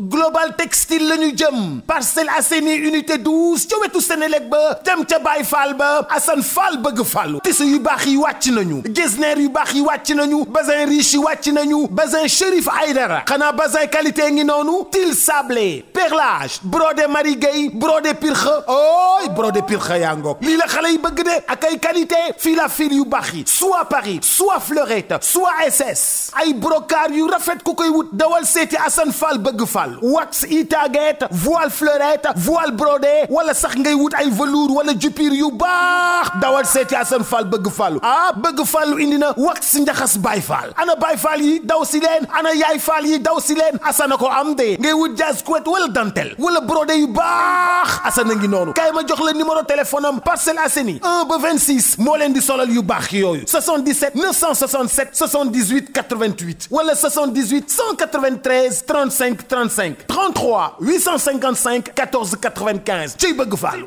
global textile la ñu jëm Parcelles Assainies unité 12 ca wetu Sénélec ba dem ca baay Fall ba Assane Fall bëgg fallu tissu yu baax yi wàcc nañu gesner yu baax yi wàcc nañu bazin riche yi wàcc nañu bazin ay Aïdara xanaa basan qualité ngi noonu til sablé perlage brodé Marie Gueye brodé pirxa ooy brodé pirxa yaa ngoog lii la xale yi bëgg de ak ay qualité fil à fil yu baax yi soit Paris soit Fleurette soit SS ay brocart yu rafet ku koy wut dawal seeti Assane Fall bëgg Fall Fall wax itaguette voile fleurette voile brodé wala sax ngay wut ay velours wala jupir yu baax dawal seeti Assane Fall bëgg fallu ah bëgg fallu indi na wax njaxas Baye Fall ana Baye Fall yi daw si leen ana Yaay Fall yi daw si leen Assane ko am de ngay wut jazz couette wala dentelle wala brodé yu baax Assane a ngi noonu kay ma jox la numéro téléphone am Parcelles Assainies 1 ba 26 moo leen di solal yu baax yooyu 77 967 78 88 wala 78 193 35 35. 33 855 14 95 ciy bëgg faal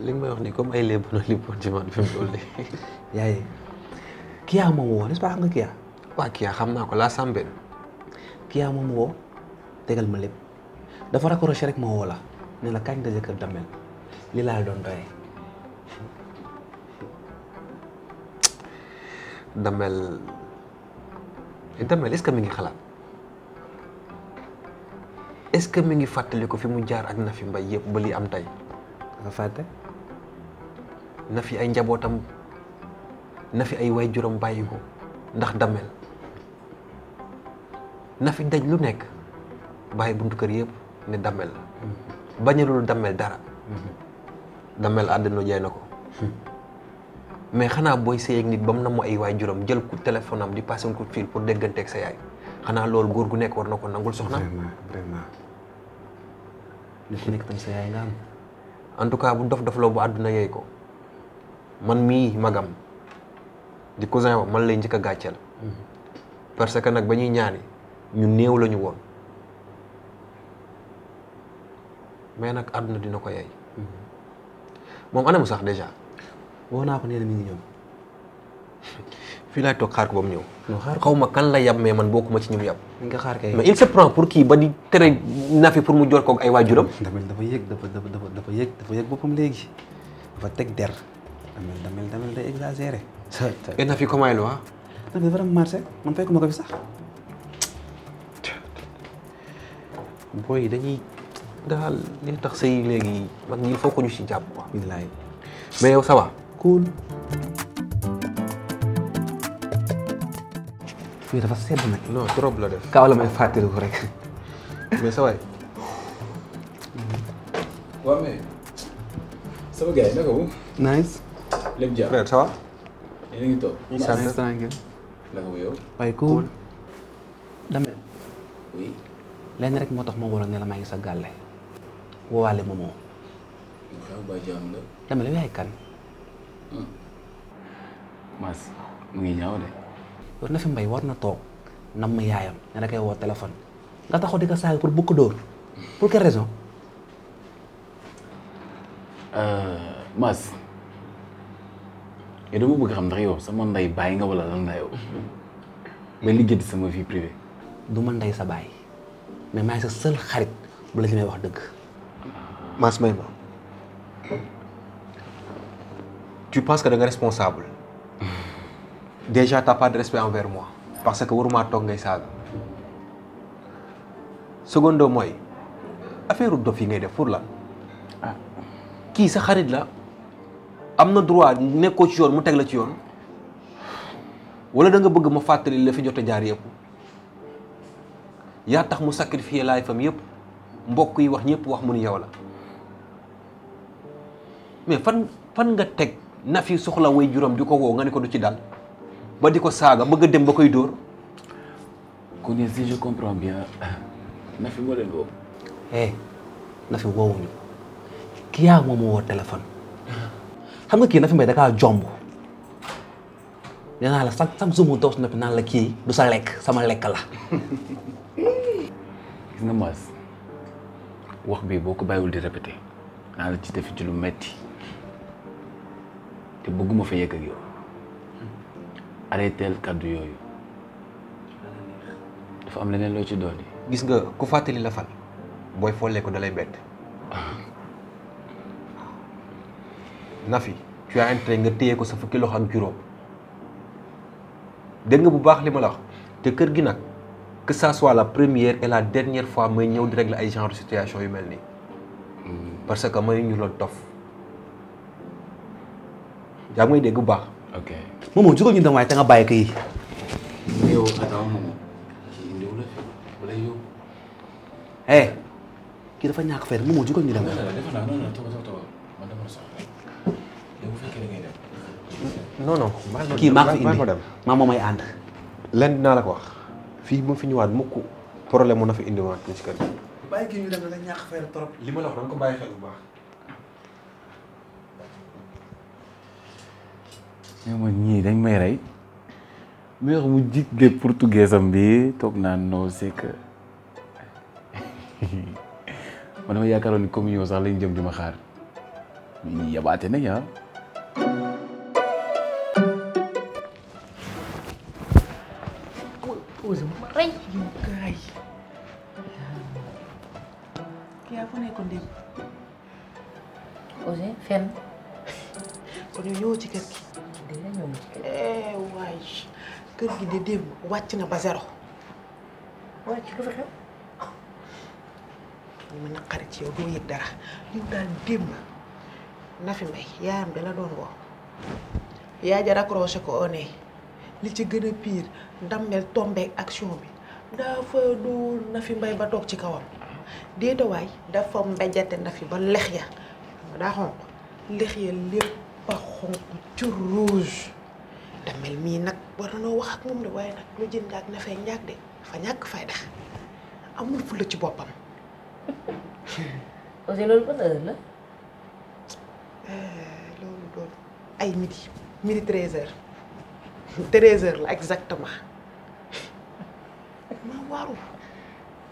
li nga may nii comme ay lépp na lippoon ci man fi xam naa ko laa sàmbe. Kia moom ma lépp dafa raccroché rek ma woo la li laa doon doyee. Damel eh, Damel est-ce mi ngi xalaat est-ce que mi ngi fàttaliku fi mu jaar ak Nafi mbay yëpp ba li am tay dafa fàtte. na ay njabootam na fi ay waajuram bàyyi ko ndax dammel nafi fi daj lu nekk bàyyi buntu kër yëpp ne dammel la mm-hmm. bañalul dammel dara mm-hmm. dammel àddina jaay na ko hmm. mais xanaa booy sëy ak nit ba mu namm ay juróom jël ku téléphone am di passé un coup pour déggante ak sa yaay xanaa loolu góor gu nekk war na ko nangul soxna vraiment vraiment li tout cas bu dof dof la bu àdduna yeey ko man mii magam di cousin wa man lay njëkk a gàcceel parce que nag ba ñuy ñaani ñu néew lañu woon mais nag àdduna dina ko yey moom anamu sax déjà woo naa ko nee na mi ngi ñëw fii laay toog xaar ko ba mu ñëw xaw ma kan la yab mais man bokkuma ci ñum yab nga xaar kay mais il se prend pour kii ba di tere Nafi pour mu jot ko ay waajuram dafa yëg dafa dafa dafa yëg dafa yëg boppam léegi dafa teg der damel damel damel day exagéré. yéen a fi comment lu ah. damel dafa dem marché eh. man fekkuma ko fi sax. booy dañuy daal li tax sëy léegi mag ñi fokk ñu si jàpp quoi. billaay mais yow ça va. cool. fii dafa sedd nag. non trop la def. kaw la may fàttaliku rek. mais sa waay. waaw mais sama gars yi nice. lépp a ngi toog. incha rek moo tax ma waroon ne la maa ngi sa gàlle. woowaale ma moo. waaw ba yaay kan. Mass mu fi mbay war na toog nam ma yaayam ne da koy woo téléphone nga taxaw di ko saaga pour bu ko pour quelle raison. Et donc, vous xam ndax yow sama ndey bàyyi nga wala lan la yow ba liggéey sama vie vous du ma ndey sa bàyyi mais maay sa seul xarit bu vous ñu may wax dëgg. Mass may tu penses que tu es responsable déjà n'as pas de respect envers moi parce que waruma toog ngay saaga secondo mooy affaire de yi ngay Qui pour la ah. kii sa xarit la. am na droit nekkoo ci yoon mu teg la ci yoon wala danga bëgg ma fàttali la fi jot jaar yëpp yaa tax mu sacrifier laay fam yëpp mbokk yi wax ñëpp wax mun ni yow la mais fan fan nga teg na fi soxla way juróom di ko woo nga ne ko du ci dal ba di ko saaga bëgg a dem ba koy dóor. kon si je comprends bien moo leen woo. eh na fi woowuñu yaa moom moo woo téléphone. Ah. xam nga kii na fi mbay da jomb nee naa la sax sax sumu toog si la kii du sa lekk sama lekk la. gis nga Mass wax bi boo ko bàyyiwul di répété naa la ci de ci lu metti te bëgguma fa yegg ak yow arrêteel kàddu yooyu dafa am leneen loo ci doon. gis nga ku fàttali la fal booy follee ko dalay bett. Nafi tu as intérêt nga téye ko sa fukki loxo ak juróom dégg nga bu baax lima la wax te kër gi nak que ça soit la première et la dernière fois may ñëw di régler ay genre situation yu melni hmm. parce que may ñu lo tof ya ngi deug bu baax. ok Momo jikko ñu dem way te nga baye kay yi. yow attends Momo ci indiw la fi wala yow. hé ki dafa ñak fer Momo jikko ñu dem waaye. non non non toogal toogal man dama soxla non non. kii maa ko fi indi maa moom ay ànd. lenn dinaa la ko wax fii bu fi ñëwaat mukk problème mu na fi indiwaat ci kër gi. bàyyi kii ñu dem nag ñàkk fayal trop. li ma la wax dama ko bàyyi xel bu baax. ñoo ma dañ may rey mu wax mu portugais am bi toog naa no c'est que man dama yaakaaroon ni sax lañ jëm di ma xaar ñu yabaate nañ ah. proposé rey. yow gaay yaa fa nekkoon démb. Ousseyn fenn. kon yow ñëwoo ci kër gi. dina ñëw eh, kër gi. de démb wàcc na ba zéro. wàcc ñu mën a xarit ci yow doo yëg dara yow daal démb na fi mbay yaayam de la doon woo. yaa ja raccroché ko au oh, li ci gën a pire dammel tombeek action bi dafa du Nafi Mbay ba toog ci kawam déetawaay dafa mbajate Nafi ba lex ya daa xonq lex ya lépp a xonq ci rouge dammel mii nag war na noo wax ak moom de waaye nag lu jën njaag na njaag de dafa ñàkk fay dax amul fulla ci boppam loolu ban euh, ay midi midi treize treize heures la exactement maa waaru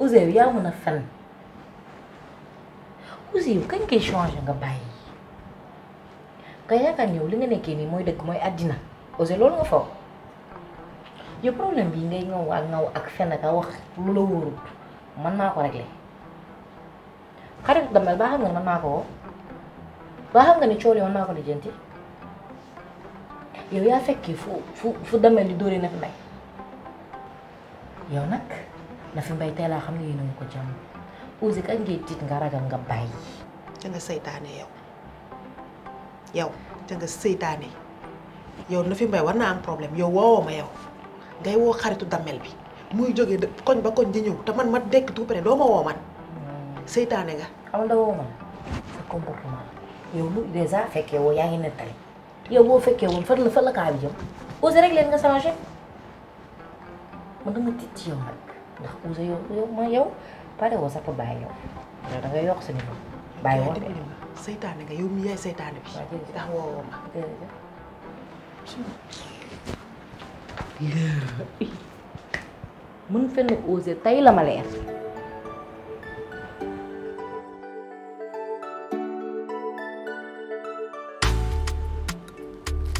Ousseynou yaa mën a fen Ousseynou kañ koy changé nga bàyyi nga yaakaar yow li nga nekkee nii mooy dëkk mooy àddina Ousseynou loolu nga foog yow problème bi ngay ñëw ak ñëw ak fen ak wax lu la wóorut man maa ko réglé xarit damel baa xam nga ne man maa ko woo baa xam nga ne coono man maa ko lijjanti yow yaa fekkee fu fu fu demee li dóoree na fi mbay yow nag na fi mbay tey laa xam ne yéen a ngi ko jàmm Ouzin kañ ngay tiit nga ragal nga bàyyi. te nga seytaane yow yow te nga seytaane yow na fi mbay war naa am problème yow woowoo ma yow ngay woo xaritu dammel bi muy jógee koñ ba koñ di ñëw te man ma dekk tout près doo ma woo man hmm. seytaane nga. xam nga woo man sa comportement yow lu déjà fekkee woo yaa ngi nettali. yow boo fekkee woon fan la fan la kaa bi jëm Ouzin rek leen nga changé man dama tiit yow nag ndax Ouzin yow yow ma yow pare woo sax pour bàyyi yow yow da nga yokk sa niveau bàyyi woon seytaane nga yow mi yaay seytaane bi ndax fenn Ouzin tey la ma leer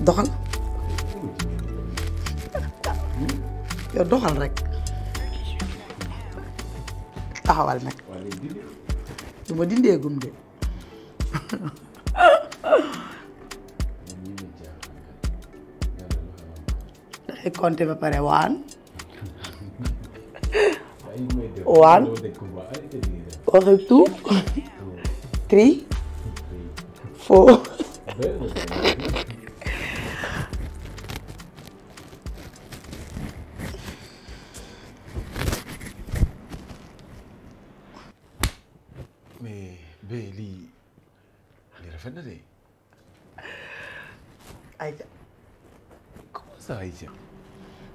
doxal yow doxal rek taxawal nag du ma dindee gum de dangay compter ba pare waan waan waxal three four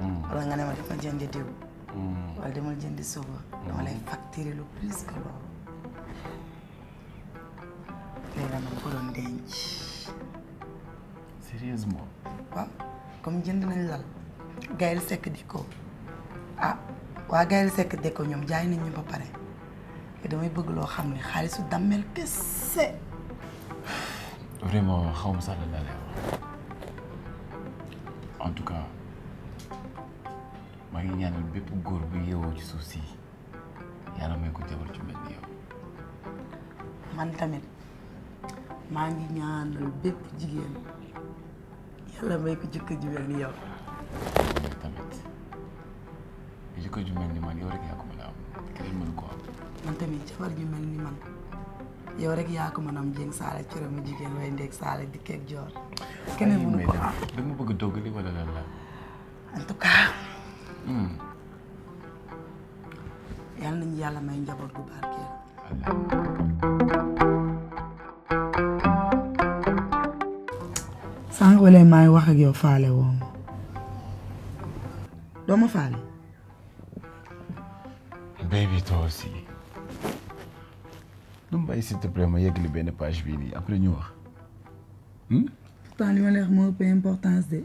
Mm. wala nga ne ma dafa jënd diw mm. wala demal jëndi suba mm. dama lay facturer lu plus que loolu léegi nag ko doon denc sérieusement waaw comme jënd nañ lal gayil sekk di ko ah waa gayil sekk di ñoom jaay nañ ñu ba pare te damay bëgg loo xam ne xaalisu dammel kese vraiment xaw sax la lay wax maa ñaanal bépp góor bu yeewoo ci suuf si yàlla may ko jabar ci mel ni yow. man tamit maa ngi ñaanal bépp jigéen yàlla may ko jëkkër ju mel ni yow. tamit jëkkër ju mel ni man yow rek yaa ko mën a am keneen mënu ko am. man tamit jabar ju mel ni man yow rek yaa ko mën a am jéeg saala cere mu jigéen way ndeeg saala dikkeeg joor. keneen mënu ko am dama bëgg dogali wala lan la. en tout cas. Hmm. yal nañu yàlla may njaboot bu barkeel. sànq wala eu wax ak yow faale woo ma ma faale. baby toi aussi. nu mu bàyyi s'il te plaît ma yeggali benn page bii nii après ñu wax. Hmm? pourtant li ma lay importance de.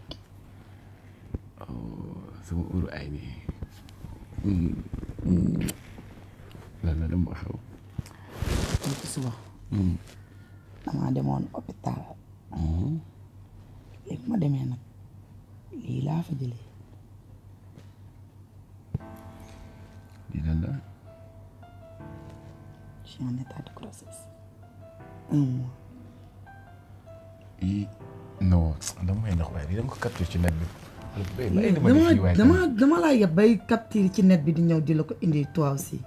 Oh, sama uru ay nii hmm. lan la dem ba xew tey suba hmm. damaa demoon hôpital hmm. léegi ma demee nag lii laa fa jëlee lii lan la je suis en état de grossesse un mois i non damay waaye lii dama ko capture ci net bi dama dama dama laa yeb bay ci net bi di ñëw di la ko indi toi aussi.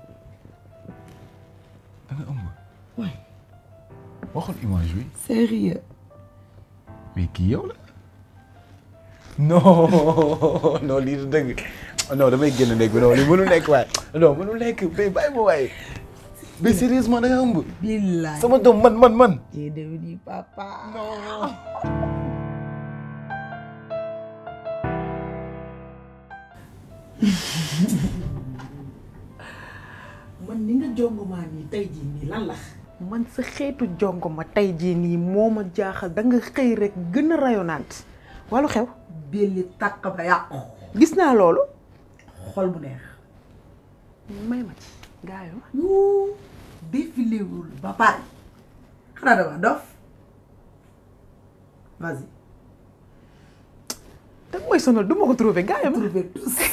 da nga ëmb. waay. waxoon image bi. kii yow la. non non lii du dëgg non damay génn néeg bi non lii nekk waaye non mënul nekk bay bàyyi ma waaye. mais sérieusement da nga sama doom man man man. il est devenu papa. non. man ni nga jongomaa ni tay ji ni lan la. man sa xeetu jongo ma tey jii nii jaaxal da nga xëy rek gën a rayonaat xew. beli takka ba yaq gis na lolu xol bu neex. may ma ci gaayo yu yoo wul ba pare xanaa dama dof vas-y. tak moy sonal duma ko trouver gaayo trouver tous.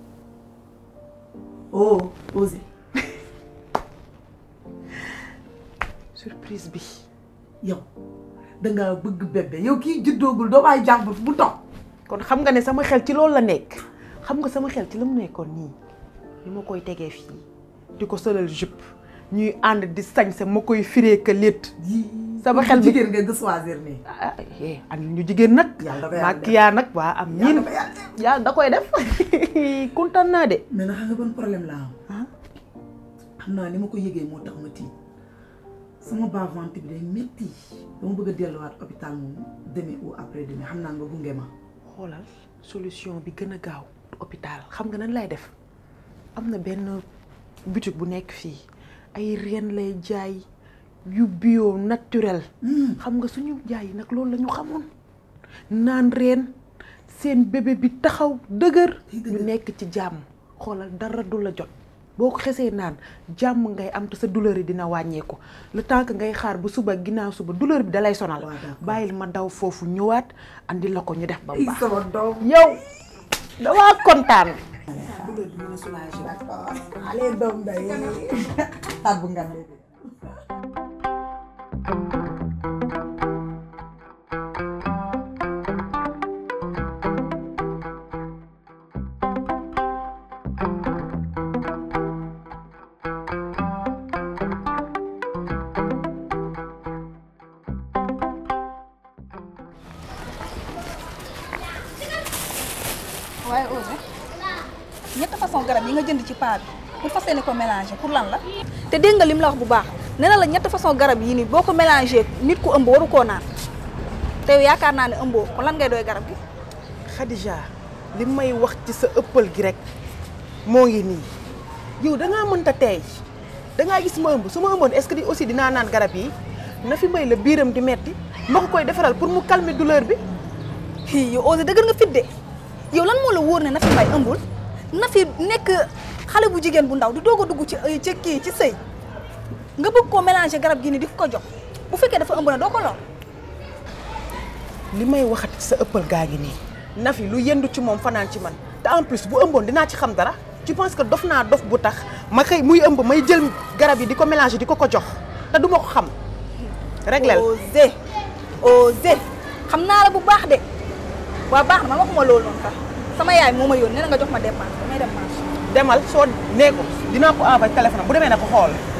oh Ozé surprise bi Da nga bëgg bébé ki kii pas do un peu bu kon xam nga ne sama xel ci loolu la nekk xam nga sama xel ci la ni ma koy tégué ñuy ànd di sañse ma koy firee ka létt sama xel bi jigéen nga gis ñu jigéen nag maa kiyaa nag waa am ñiin yàlla da koy def kontaan naa de mais na xam nga problème laa ah? xam naa ni ma ko yëgee moo tax ma tiit sama bas-ventre bi day bëgg a delluwaat hôpital moom demain ou xam naa nga gunge ma xoolal solution bi gën a gaaw hôpital xam nga nan lay def am na benn boutique bu nekk fii ay reen lay jaay yu bio naturel. Hmm. xam nga suñu jaay yi nag loolu la xamoon naan reen seen bébé bi taxaw dëgër. ñu nekk ci jàmm xoolal dara du la jot. boo ko xesee naan jàmm ngay am te sa douleur dina wàññeeku le temps que ngay xaar ba suba ginnaaw suba douleur bi dalay sonal. bàyyil ma daw foofu ñëwaat andi la ko ñu def ba baax. yow damaa kontaan. a soulager. tabungkan itu Ué, ini Minha tá passando, cara, minha de pour fas yéene ko mélanger pour lan la. té dég nga lim la wax bu baax né na la ñett façon garab yi ni boko mélanger nit ku ëmb waru ko naan té yow yaakaar na né ëmbo ko lan ngay doy garab gi. Khadija lim may wax ci sa ëppal gi rek mo ngi ni yow da ngaa mënta tay da nga gis mo ëmb suma ma est-ce que aussi dina naan garab yi na fi may le biram di metti ma ko koy défaral pour mu calmer douleur bi. yow ose dëgër nga fit de yow lan mo la wóor né na fi may ëmbul na fi nek xalé bu jigen bu ndaw du dogo duggu ci eh, ci ki ci sey nga bëgg ko mélanger garab gi ni di ko jox bu fekkee dafa ëmb na doo ko lo limay waxat sa ëppal gaa ngi nii nafi lu yëndu ci mom fanan ci man te en plus bu ëmbon dina ci xam dara tu penses que dof dof bu tax ma kay muy ëmb may jël garab yi di ko mélanger di ko ko jox te duma ko xam reglel osé osé xam naa la bu baax dé wa baax ma waxuma lolou sama yaay moma ma yóon nga jox ma dépense may dépense demal soo nee ko dinaa ko envoyé téléphone bu demee na ko xool.